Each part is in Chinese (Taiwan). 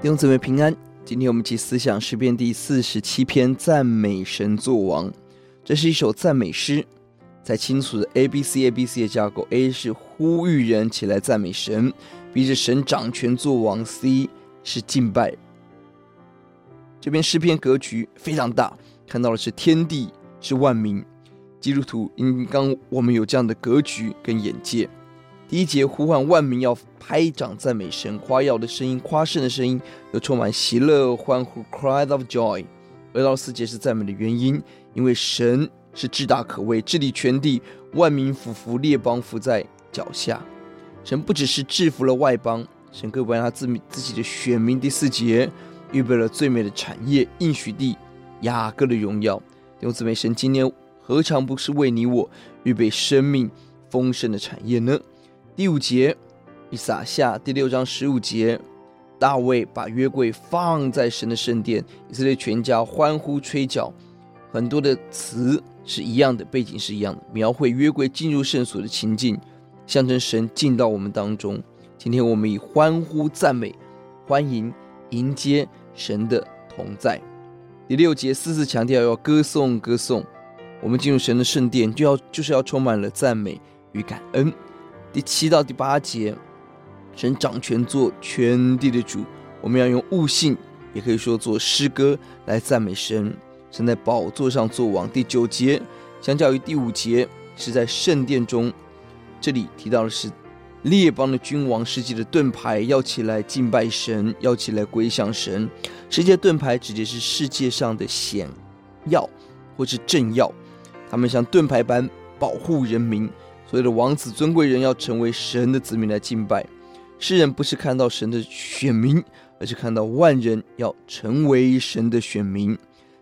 弟兄姊妹平安，今天我們一起思想詩篇第四十七篇，讚美神作王。這是一首讚美詩，在清楚的 A B C A B C 的架構，A 是呼籲人起來讚美神，B 是神掌權作王，C 是敬拜。這篇詩篇格局非常大，看到的是天地是萬民，基督徒應當我們有這樣的格局跟眼界。第一節呼喚萬民要拍掌讚美神，誇耀的聲音，誇勝的聲音，又充滿喜樂歡呼，cry of joy。二到四節是讚美的原因，因為神是至大可畏，治理全地，萬民俯伏列邦伏在腳下。神不只是制服了外邦，神更為他自己自己的選民。第四節預備了最美的產業應許地雅各的榮耀，用讚美神，今天何嘗不是為你我預備生命豐盛的產業呢？第五節，以撒下第六章十五節，大衛把約櫃放在神的聖殿，以色列全家歡呼吹角，很多的詞是一樣的，背景是一樣的，描繪約櫃進入聖所的情境，象徵神進到我們當中。今天我們以歡呼讚美，歡迎迎接神的同在。第六節四次強調要歌頌歌頌，我們進入神的聖殿就要就是要充滿了讚美與感恩。第七到第八節，神掌權做全地的主，我們要用悟性，也可以說做詩歌來讚美神。神在寶座上做王。第九節，相較於第五節是在聖殿中，這裡提到的是列邦的君王、世界的盾牌，要起來敬拜神，要起來歸向神。世界盾牌直接是世界上的顯要或是政要，他們像盾牌般保護人民。所有的王子、尊貴人要成為神的子民來敬拜，詩人不是看到神的選民，而是看到萬人要成為神的選民。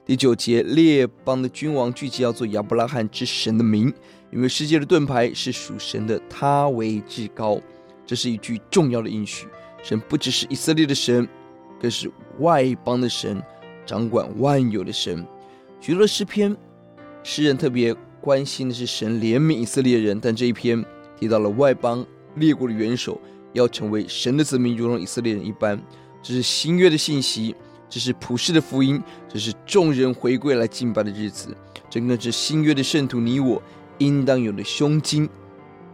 第九節，列邦的君王聚集要做亞伯拉罕之神的民，因為世界的盾牌是屬神的，他為至高。這是一句重要的應許，神不只是以色列的神，更是外邦的神，掌管萬有的神。許多詩篇，詩人特別。關心的是神憐憫以色列人，但這一篇提到了外邦列國的元首要成為神的子民，如同以色列人一般。這是新約的信息，這是普世的福音，這是眾人回歸來敬拜的日子。整個這新約的聖徒，你我應當有的胸襟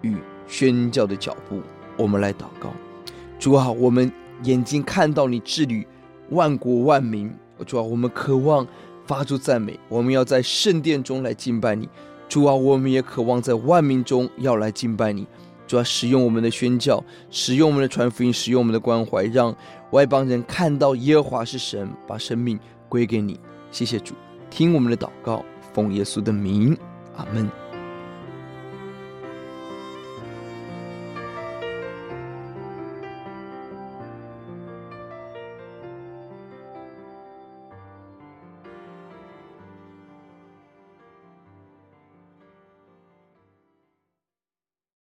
與宣教的腳步。我們來禱告：主啊，我們眼睛看到你治理萬國萬民；主啊，我們渴望發出讚美，我們要在聖殿中來敬拜你。主啊，我們也渴望在萬民中要來敬拜你。主啊，使用我們的宣教，使用我們的傳福音，使用我們的關懷，讓外邦人看到耶和華是神，把生命歸給你。謝謝主，聽我們的禱告，奉耶穌的名，阿門。